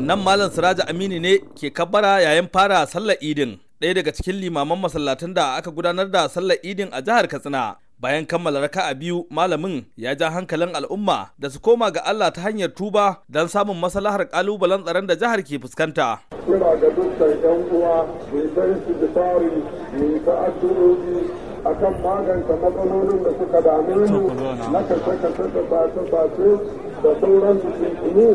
Nan Malam Siraja Aminu ne ke kabbara yayin fara sallar Idin, ɗaya daga cikin limaman masallatun da aka gudanar da sallar Idin a jihar Katsina. Bayan kammala raka a biyu malamin ya ja hankalin al'umma da su koma ga Allah ta hanyar tuba don samun maslahar kalubalen tsaron da jihar ke fuskanta. Kira ga dukkan uwa, san su da akan magance matsalolin da suka dame mu na kashe-kashe da bace da sauran jikinu.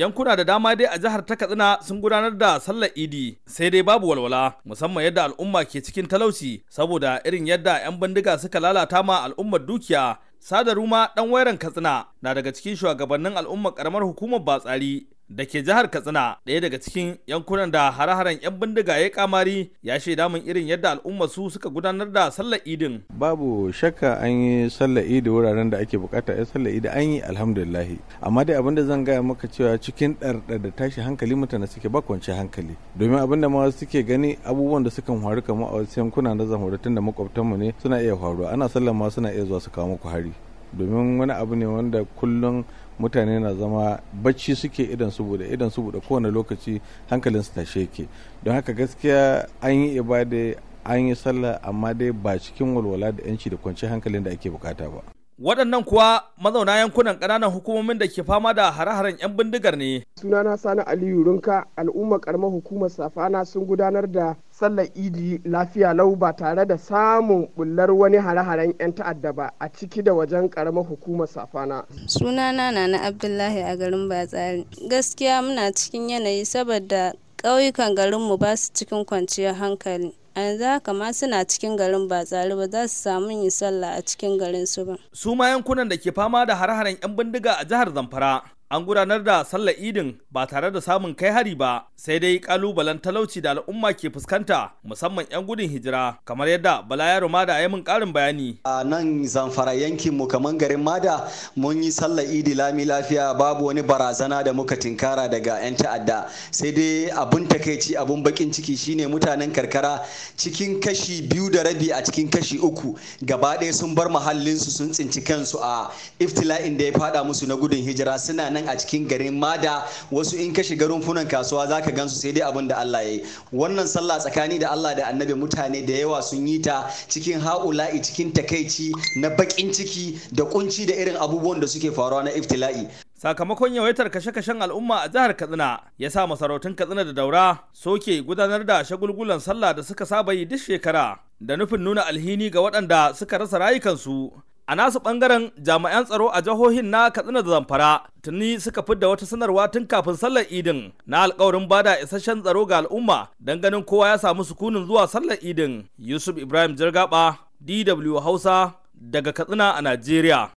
Yankuna da dama dai a jihar ta Katsina sun gudanar da sallar Idi sai dai babu walwala musamman yadda al'umma ke cikin talauci saboda irin yadda 'yan bindiga suka lalata ma al'ummar dukiya Sada Ruma dan wayaran Katsina na daga cikin shugabannin al'ummar karamar hukumar Batsari da ke jihar katsina ɗaya daga cikin yankunan da hare-haren 'yan bindiga ya kamari ya shaida daman irin yadda al'umma su suka gudanar da sallar idin babu shakka an yi sallar idi wuraren da ake bukata ya sallar idi an yi alhamdulillahi amma dai abinda zan gaya maka cewa cikin ɗarɗar da tashi hankali mutane suke ba kwanci hankali domin abinda ma suke gani abubuwan da sukan faru kamar a wasu yankuna na zamfara tun da makwabtanmu ne suna iya faruwa ana sallar ma suna iya zuwa su kawo muku hari domin wani abu ne wanda kullum mutane na zama bacci suke idan su bude idan su bude kowane lokaci hankalinsu su tashe yake don haka gaskiya an yi ibada an yi sallah amma dai ba cikin walwala da yanci da kwanci hankalin da ake bukata ba waɗannan kuwa mazauna yankunan ƙananan hukumomin da ke fama da hare-haren 'yan bindigar ne sunana sani aliyu runka al'ummar karamar hukumar safana sun gudanar da sallar idi lafiya lau ba tare da samun bullar wani hare-haren 'yan ta'adda ba a ciki da wajen karamar hukumar safana sunana na na abdullahi a garin batsari gaskiya muna cikin yanayi saboda ƙauyukan garinmu ba su cikin kwanciyar hankali a yanzu haka ma suna cikin garin ba tsari ba za su samu yin sallah a cikin garin su ba su ma yankunan da ke fama da hare-haren 'yan bindiga a jihar zamfara an gudanar da sallar idin ba tare da samun kai hari ba sai dai kalubalen talauci da al'umma ke fuskanta musamman 'yan gudun hijira kamar yadda bala yaro mada ya mun karin bayani a nan zamfara yankin mu kamar garin mada mun yi sallar idi lami lafiya babu wani barazana da muka tinkara daga 'yan ta'adda sai dai abun takaici abun bakin ciki shine mutanen karkara cikin kashi biyu da rabi a cikin kashi uku gaba ɗaya sun bar muhallinsu sun tsinci kansu a iftila'in da ya fada musu na gudun hijira suna nan a cikin garin mada wasu in ka shiga rumfunan kasuwa za ka gansu sai dai abin da Allah ya yi wannan sallah tsakani da Allah da annabi mutane da yawa sun yi ta cikin haula'i cikin takaici na bakin ciki da kunci da irin abubuwan da suke faruwa na iftila'i sakamakon yawaitar kashe-kashen al'umma a jihar katsina ya sa masarautun katsina da daura soke gudanar da shagulgulan sallah da suka saba yi duk shekara da nufin nuna alhini ga waɗanda suka rasa rayukansu a nasu ɓangaren jami'an tsaro a jihohin na katsina da zamfara tuni suka fidda wata sanarwa tun kafin sallar idin na alkawarin bada isasshen tsaro ga al'umma don ganin kowa ya samu sukunin zuwa sallar idin yusuf ibrahim jirgaba dw hausa daga katsina a najeriya